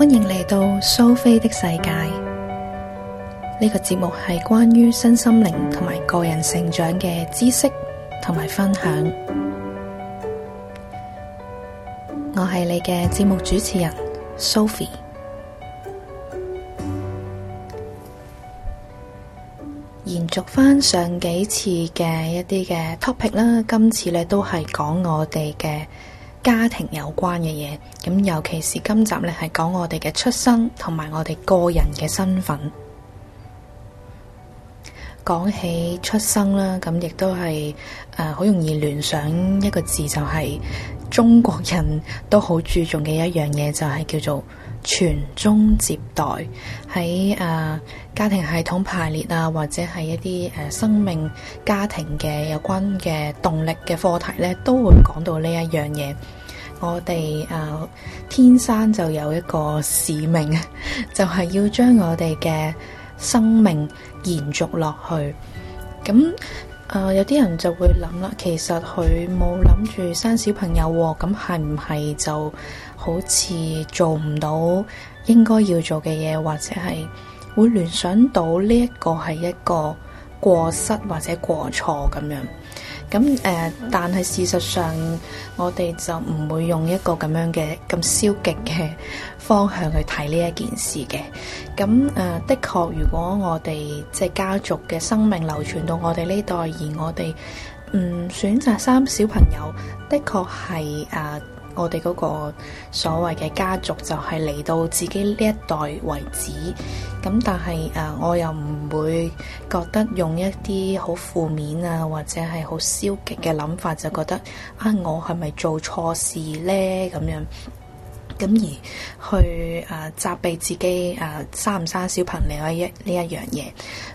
歡迎嚟到蘇菲的世界，呢個節目係關於身心靈同埋個人成長嘅知識同埋分享。我係你嘅節目主持人蘇菲。延續翻上幾次嘅一啲嘅 topic 啦，今次呢都係講我哋嘅。家庭有關嘅嘢，咁尤其是今集咧，係講我哋嘅出生同埋我哋個人嘅身份。講起出生啦，咁亦都係誒好容易聯想一個字，就是，就係中國人都好注重嘅一樣嘢，就係、是、叫做，傳宗接代喺誒、呃、家庭系統排列啊，或者係一啲誒、呃、生命家庭嘅有關嘅動力嘅課題呢，都會講到呢一樣嘢。我哋誒、呃、天生就有一個使命，就係、是、要將我哋嘅生命延續落去。咁啊！Uh, 有啲人就會諗啦，其實佢冇諗住生小朋友喎，咁係唔係就好似做唔到應該要做嘅嘢，或者係會聯想到呢一個係一個過失或者過錯咁樣。咁誒、呃，但係事實上，我哋就唔會用一個咁樣嘅咁消極嘅方向去睇呢一件事嘅。咁誒、呃，的確，如果我哋即係家族嘅生命流傳到我哋呢代，而我哋唔、嗯、選擇生小朋友，的確係誒。呃我哋嗰個所謂嘅家族就係嚟到自己呢一代為止，咁但係誒，我又唔會覺得用一啲好負面啊，或者係好消極嘅諗法，就覺得啊，我係咪做錯事呢？咁樣？咁而去啊、呃，責備自己啊、呃，生唔生小朋友一呢一樣嘢，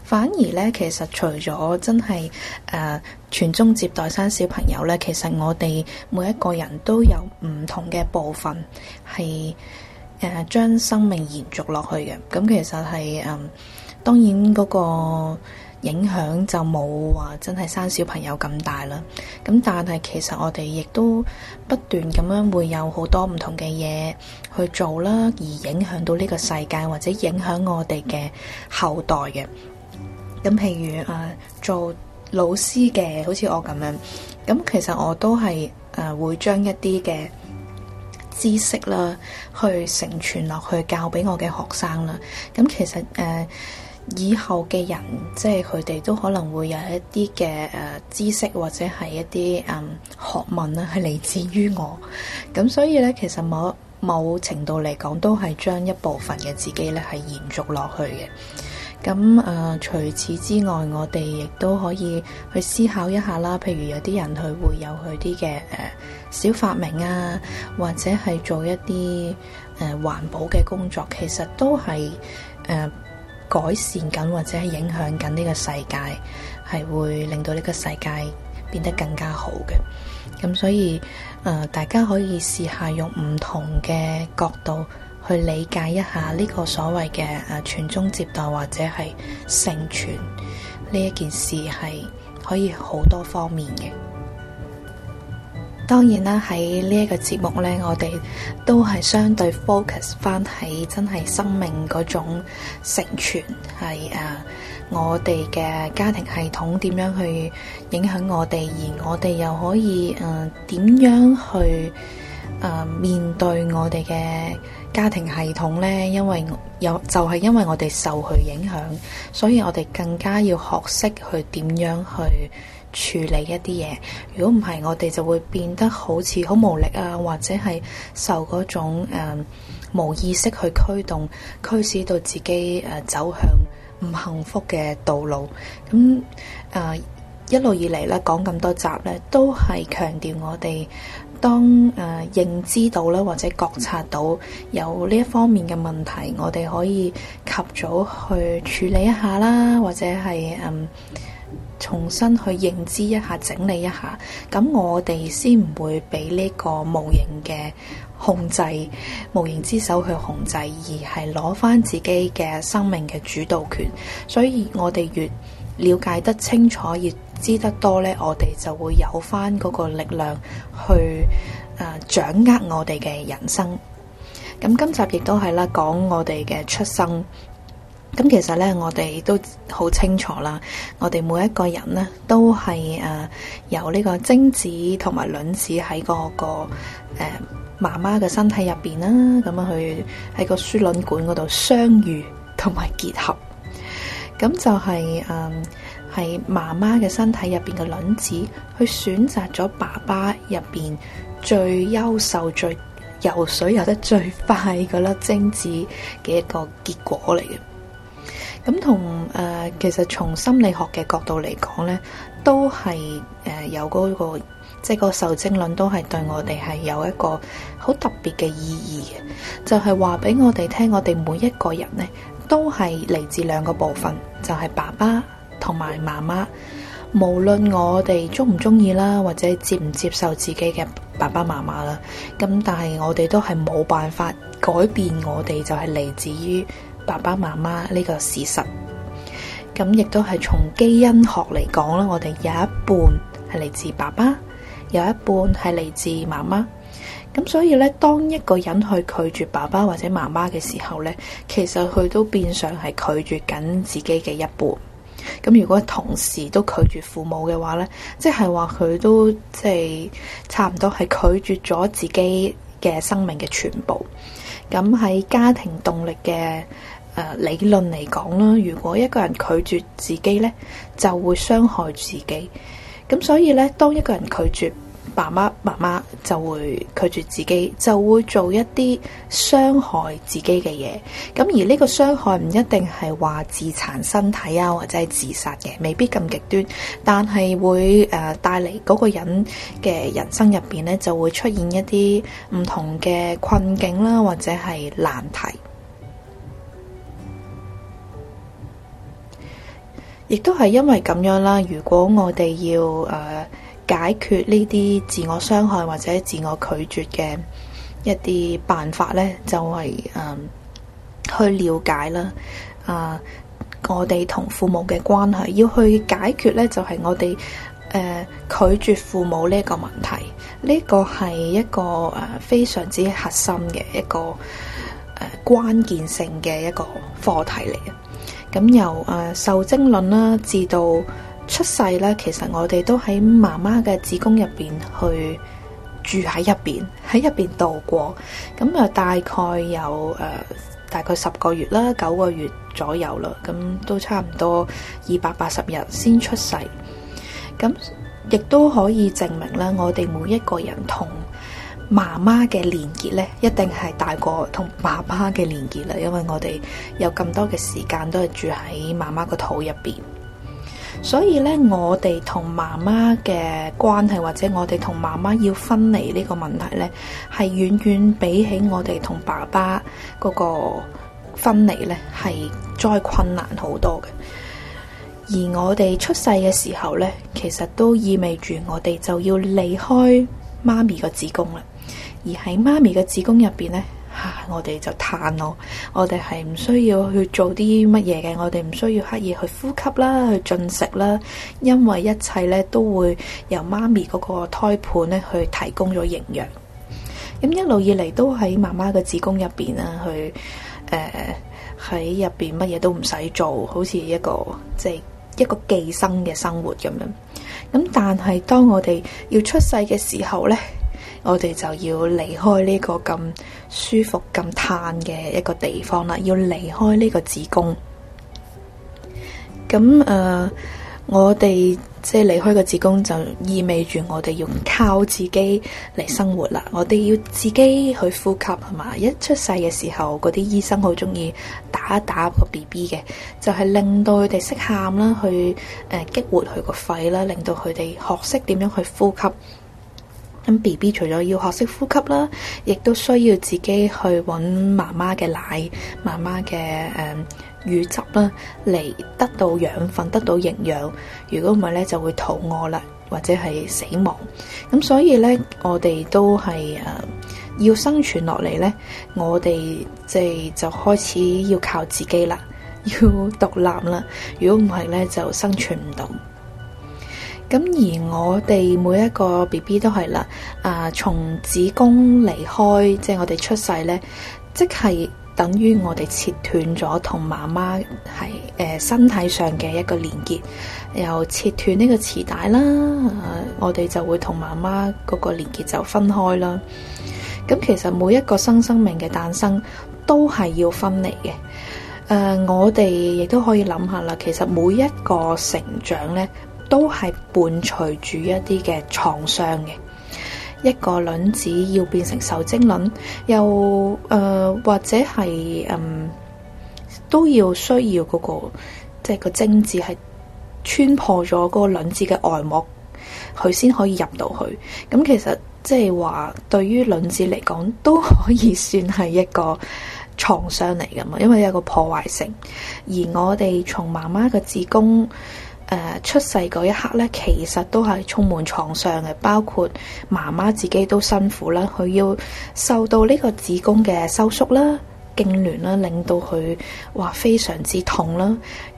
反而呢，其實除咗真係誒傳宗接代生小朋友呢，其實我哋每一個人都有唔同嘅部分係誒將生命延續落去嘅。咁、嗯、其實係誒、呃，當然嗰、那個。影響就冇話真係生小朋友咁大啦，咁但係其實我哋亦都不斷咁樣會有好多唔同嘅嘢去做啦，而影響到呢個世界或者影響我哋嘅後代嘅。咁譬如誒、呃、做老師嘅，好似我咁樣，咁其實我都係誒、呃、會將一啲嘅知識啦，去承傳落去教俾我嘅學生啦。咁其實誒。呃以後嘅人，即係佢哋都可能會有一啲嘅誒知識，或者係一啲誒、嗯、學問啊，係嚟自於我。咁所以呢，其實某某程度嚟講，都係將一部分嘅自己呢係延續落去嘅。咁誒、呃，除此之外，我哋亦都可以去思考一下啦。譬如有啲人佢會有佢啲嘅誒小發明啊，或者係做一啲誒、呃、環保嘅工作，其實都係誒。呃改善緊或者係影響緊呢個世界，係會令到呢個世界變得更加好嘅。咁所以，誒、呃、大家可以試下用唔同嘅角度去理解一下呢個所謂嘅誒傳宗接代或者係成全呢一件事係可以好多方面嘅。當然啦，喺呢一個節目呢，我哋都係相對 focus 翻喺真係生命嗰種成全，係啊，我哋嘅家庭系統點樣去影響我哋，而我哋又可以嗯點樣去啊、呃、面對我哋嘅。家庭系統呢，因為有就係、是、因為我哋受佢影響，所以我哋更加要學識去點樣去處理一啲嘢。如果唔係，我哋就會變得好似好無力啊，或者係受嗰種誒、呃、無意識去驅動、驅使到自己誒、呃、走向唔幸福嘅道路。咁誒、呃、一路以嚟咧，講咁多集咧，都係強調我哋。當誒、呃、認知到咧，或者覺察到有呢一方面嘅問題，我哋可以及早去處理一下啦，或者係嗯、呃，重新去認知一下、整理一下。咁我哋先唔會俾呢個無形嘅控制、無形之手去控制，而係攞翻自己嘅生命嘅主導權。所以我哋越了解得清楚，亦知得多咧，我哋就會有翻嗰個力量去誒、呃、掌握我哋嘅人生。咁今集亦都係啦，講我哋嘅出生。咁其實咧，我哋都好清楚啦，我哋每一個人咧，都係誒、呃、由呢個精子同埋卵子喺、嗰個誒、呃、媽媽嘅身體入邊啦，咁、啊、樣去喺個輸卵管嗰度相遇同埋結合。咁就係、是、誒，喺、um, 媽媽嘅身體入邊嘅卵子，去選擇咗爸爸入邊最優秀、最游水游得最快嗰粒精子嘅一個結果嚟嘅。咁同誒，uh, 其實從心理學嘅角度嚟講呢，都係誒、uh, 有嗰、那個即係、就是、個受精卵都係對我哋係有一個好特別嘅意義嘅，就係話俾我哋聽，我哋每一個人呢都係嚟自兩個部分，就係爸爸同埋媽媽。無論我哋鍾唔鍾意啦，或者接唔接受自己嘅爸爸媽媽啦，咁但係我哋都係冇辦法改變我哋，就係嚟自於爸爸媽媽呢個事實。咁亦都係從基因學嚟講啦，我哋有一半係嚟自爸爸，有一半係嚟自媽媽。咁所以咧，當一個人去拒絕爸爸或者媽媽嘅時候咧，其實佢都變相係拒絕緊自己嘅一半。咁如果同時都拒絕父母嘅話咧，即係話佢都即係差唔多係拒絕咗自己嘅生命嘅全部。咁喺家庭動力嘅誒、呃、理論嚟講啦，如果一個人拒絕自己咧，就會傷害自己。咁所以咧，當一個人拒絕。爸爸媽媽就會拒絕自己，就會做一啲傷害自己嘅嘢。咁而呢個傷害唔一定係話自殘身體啊，或者係自殺嘅，未必咁極端，但係會誒帶嚟嗰個人嘅人生入邊呢，就會出現一啲唔同嘅困境啦、啊，或者係難題。亦都係因為咁樣啦，如果我哋要誒。呃解決呢啲自我傷害或者自我拒絕嘅一啲辦法呢，就係、是、誒、呃、去了解啦。啊、呃，我哋同父母嘅關係要去解決呢，就係、是、我哋誒、呃、拒絕父母呢個問題。呢個係一個誒非常之核心嘅一個誒關鍵性嘅一個課題嚟嘅。咁由誒、呃、受精卵啦，至到。出世咧，其實我哋都喺媽媽嘅子宮入邊去住喺入邊，喺入邊度過。咁又大概有誒、呃、大概十個月啦，九個月左右啦，咁都差唔多二百八十日先出世。咁亦都可以證明咧，我哋每一個人同媽媽嘅連結咧，一定係大過同爸爸嘅連結啦，因為我哋有咁多嘅時間都係住喺媽媽個肚入邊。所以咧，我哋同媽媽嘅關係，或者我哋同媽媽要分離呢個問題呢，係遠遠比起我哋同爸爸嗰個分離呢，係再困難好多嘅。而我哋出世嘅時候呢，其實都意味住我哋就要離開媽咪個子宮啦。而喺媽咪嘅子宮入邊呢。我哋就嘆咯，我哋係唔需要去做啲乜嘢嘅，我哋唔需要刻意去呼吸啦，去進食啦，因為一切咧都會由媽咪嗰個胎盤咧去提供咗營養。咁、嗯、一路以嚟都喺媽媽嘅子宮入邊啦，去誒喺入邊乜嘢都唔使做，好似一個即係、就是、一個寄生嘅生活咁樣。咁、嗯、但係當我哋要出世嘅時候咧。我哋就要離開呢個咁舒服、咁嘆嘅一個地方啦，要離開呢個子宮。咁誒、呃，我哋即係離開個子宮，就意味住我哋要靠自己嚟生活啦。我哋要自己去呼吸係嘛？一出世嘅時候，嗰啲醫生好中意打一打個 BB 嘅，就係、是、令到佢哋識喊啦，去誒、呃、激活佢個肺啦，令到佢哋學識點樣去呼吸。咁 BB 除咗要學識呼吸啦，亦都需要自己去揾媽媽嘅奶、媽媽嘅誒、嗯、乳汁啦，嚟得到養分、得到營養。如果唔係呢，就會肚餓啦，或者係死亡。咁所以呢，我哋都係誒、呃、要生存落嚟呢。我哋即係就開始要靠自己啦，要獨立啦。如果唔係呢，就生存唔到。咁而我哋每一個 B B 都係啦，啊、呃，從子宮離開，即、就、係、是、我哋出世呢，即係等於我哋切斷咗同媽媽係誒身體上嘅一個連結，又切斷呢個臍帶啦，呃、我哋就會同媽媽嗰個連結就分開啦。咁、呃、其實每一個新生，生命嘅誕生都係要分離嘅。誒、呃，我哋亦都可以諗下啦，其實每一個成長呢，都係伴隨住一啲嘅創傷嘅，一個卵子要變成受精卵，又誒、呃、或者係嗯都要需要嗰、那個即係、就是、個精子係穿破咗嗰個卵子嘅外膜，佢先可以入到去。咁、嗯、其實即係話，對於卵子嚟講，都可以算係一個創傷嚟㗎嘛，因為有個破壞性。而我哋從媽媽嘅子宮。誒、呃、出世嗰一刻咧，其實都係充滿創傷嘅，包括媽媽自己都辛苦啦，佢要受到呢個子宮嘅收縮啦、痙攣啦，令到佢哇非常之痛啦。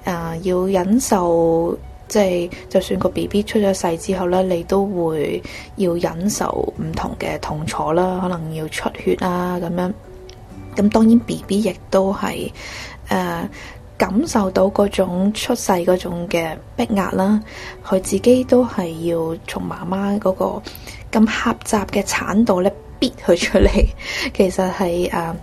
啊、呃，要忍受，即、就、係、是、就算個 B B 出咗世之後咧，你都會要忍受唔同嘅痛楚啦，可能要出血啊咁樣。咁當然 B B 亦都係誒、呃感受到嗰種出世嗰種嘅逼壓啦，佢自己都係要從媽媽嗰個咁狹窄嘅產道咧，逼佢出嚟。其實係誒、呃，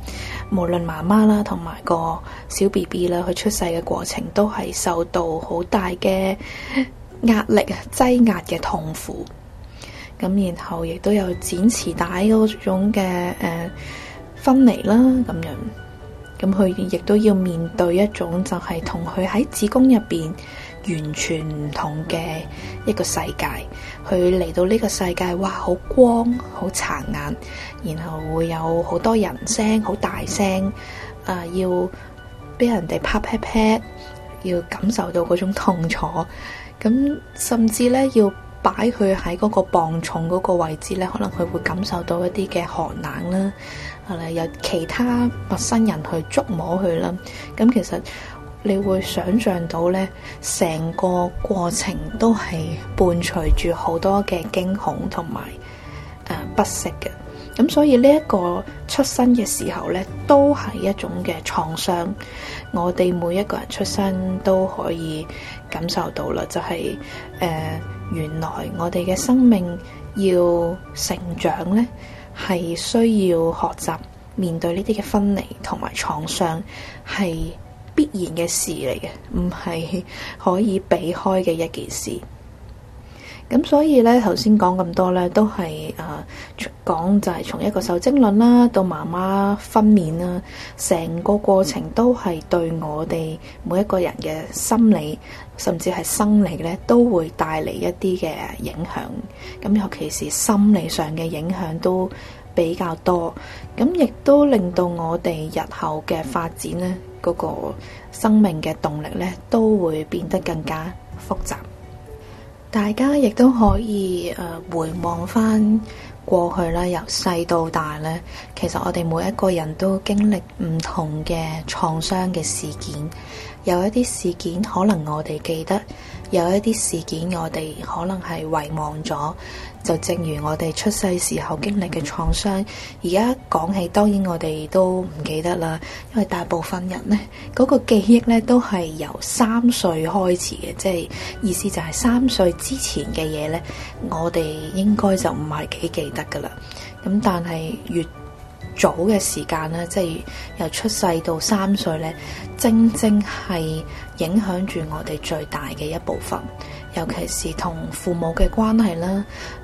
無論媽媽啦，同埋個小 BB 啦，佢出世嘅過程都係受到好大嘅壓力啊，擠壓嘅痛苦。咁然後亦都有剪臍帶嗰種嘅誒、呃、分離啦，咁樣。咁佢亦都要面對一種就係同佢喺子宮入邊完全唔同嘅一個世界。佢嚟到呢個世界，哇！好光，好殘眼，然後會有好多人聲，好大聲，啊、呃！要俾人哋 pat pat pat 要感受到嗰種痛楚。咁甚至呢，要擺佢喺嗰個磅重嗰個位置呢，可能佢會感受到一啲嘅寒冷啦。係啦，有其他陌生人去觸摸佢啦。咁其實你會想象到呢，成個過程都係伴隨住好多嘅驚恐同埋誒不適嘅。咁所以呢一個出生嘅時候呢，都係一種嘅創傷。我哋每一個人出生都可以感受到啦，就係誒原來我哋嘅生命要成長呢。係需要學習面對呢啲嘅分離同埋創傷，係必然嘅事嚟嘅，唔係可以避開嘅一件事。咁所以咧，頭先講咁多咧，都係誒講就係從一個受精卵啦，到媽媽分娩啦，成個過程都係對我哋每一個人嘅心理，甚至係生理咧，都會帶嚟一啲嘅影響。咁尤其是心理上嘅影響都比較多，咁亦都令到我哋日後嘅發展咧，嗰個生命嘅動力咧，都會變得更加複雜。大家亦都可以誒回望翻過去啦。由細到大咧，其實我哋每一個人都經歷唔同嘅創傷嘅事件，有一啲事件可能我哋記得。有一啲事件，我哋可能係遺忘咗。就正如我哋出世時候經歷嘅創傷，而家講起，當然我哋都唔記得啦。因為大部分人呢，嗰個記憶呢都係由三歲開始嘅，即係意思就係三歲之前嘅嘢呢，我哋應該就唔係幾記得噶啦。咁但係越早嘅時間咧，即係由出世到三歲咧，正正係影響住我哋最大嘅一部分。尤其是同父母嘅關係啦，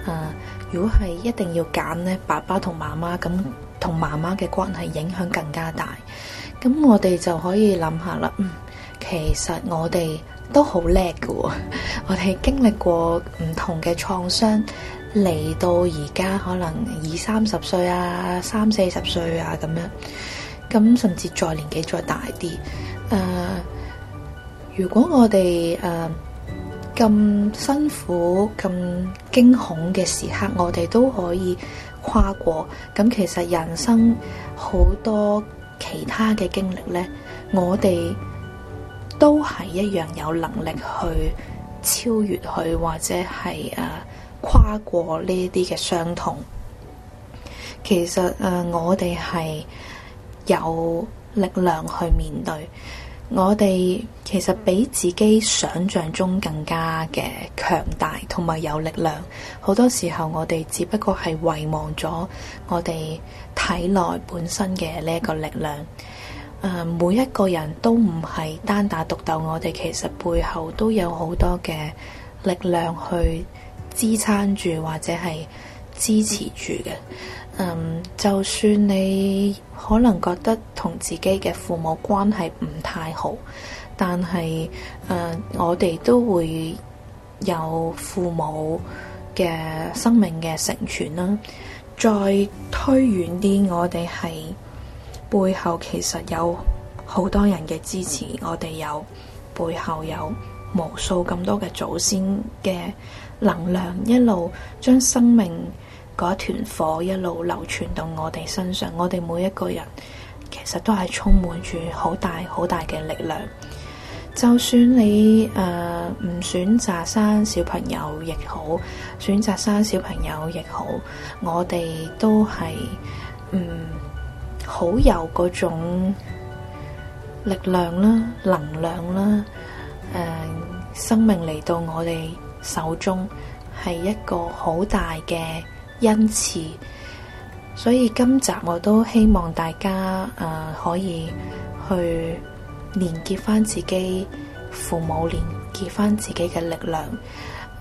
啊、呃，如果係一定要揀呢，爸爸同媽媽咁，同媽媽嘅關係影響更加大。咁我哋就可以諗下啦、嗯。其實我哋都好叻㗎喎，我哋經歷過唔同嘅創傷。嚟到而家可能二三十歲啊，三四十歲啊咁樣，咁甚至再年紀再大啲，誒、呃，如果我哋誒咁辛苦、咁驚恐嘅時刻，我哋都可以跨過。咁、呃、其實人生好多其他嘅經歷呢，我哋都係一樣有能力去超越佢，或者係誒。呃跨過呢啲嘅傷痛，其實誒、呃，我哋係有力量去面對。我哋其實比自己想象中更加嘅強大，同埋有力量。好多時候我哋只不過係遺忘咗我哋體內本身嘅呢一個力量、呃。每一個人都唔係單打獨鬥，我哋其實背後都有好多嘅力量去。支撐住或者係支持住嘅，嗯，就算你可能覺得同自己嘅父母關係唔太好，但係，誒、嗯，我哋都會有父母嘅生命嘅成全啦。再推遠啲，我哋係背後其實有好多人嘅支持，我哋有背後有。無數咁多嘅祖先嘅能量，一路將生命嗰一團火一路流傳到我哋身上，我哋每一個人其實都係充滿住好大好大嘅力量。就算你誒唔、呃、選擇生小朋友亦好，選擇生小朋友亦好，我哋都係嗯好有嗰種力量啦、能量啦，誒、呃。生命嚟到我哋手中係一個好大嘅恩賜，所以今集我都希望大家誒、呃、可以去連接翻自己父母，連接翻自己嘅力量。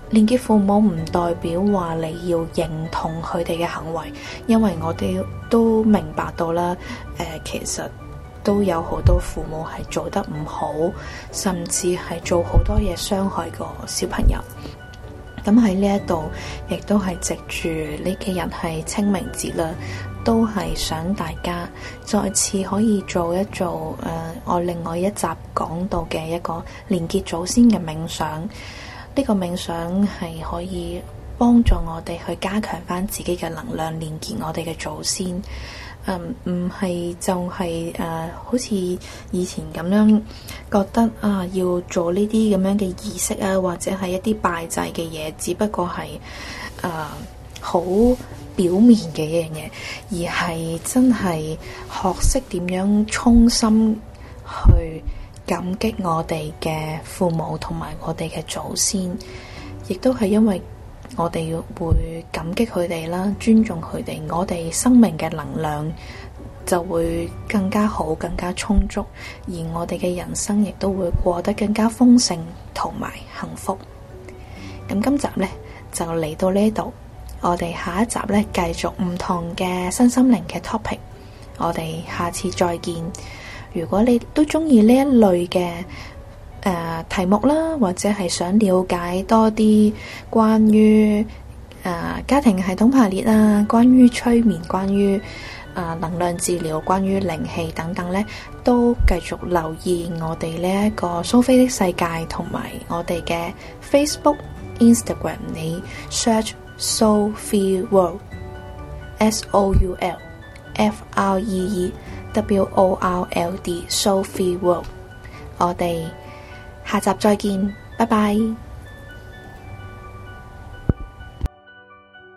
連接父母唔代表話你要認同佢哋嘅行為，因為我哋都明白到啦。誒、呃，其實。都有好多父母係做得唔好，甚至係做好多嘢，傷害過小朋友。咁喺呢一度，亦都係藉住呢幾日係清明節啦，都係想大家再次可以做一做誒、呃，我另外一集講到嘅一個連結祖先嘅冥想。呢、這個冥想係可以幫助我哋去加強翻自己嘅能量，連結我哋嘅祖先。唔唔係就係、是、誒、呃，好似以前咁樣覺得啊、呃，要做呢啲咁樣嘅儀式啊，或者係一啲拜祭嘅嘢，只不過係誒、呃、好表面嘅一樣嘢，而係真係學識點樣衷心去感激我哋嘅父母同埋我哋嘅祖先，亦都係因為。我哋會感激佢哋啦，尊重佢哋，我哋生命嘅能量就會更加好，更加充足，而我哋嘅人生亦都會過得更加豐盛同埋幸福。咁今集呢就嚟到呢度，我哋下一集呢，繼續唔同嘅身心靈嘅 topic，我哋下次再見。如果你都中意呢一類嘅。誒、呃、題目啦，或者係想了解多啲關於。啊、家庭系統排列啦，啊，關於催眠，關於、啊、能量治療，關於靈氣等等咧，都繼續留意我哋呢一個蘇菲的世界，同埋我哋嘅 uh, uh, uh, Facebook、Instagram，你 search Soul Free World, S O U L F R E E W O R L D Soul Free World，我哋下集再見，拜拜。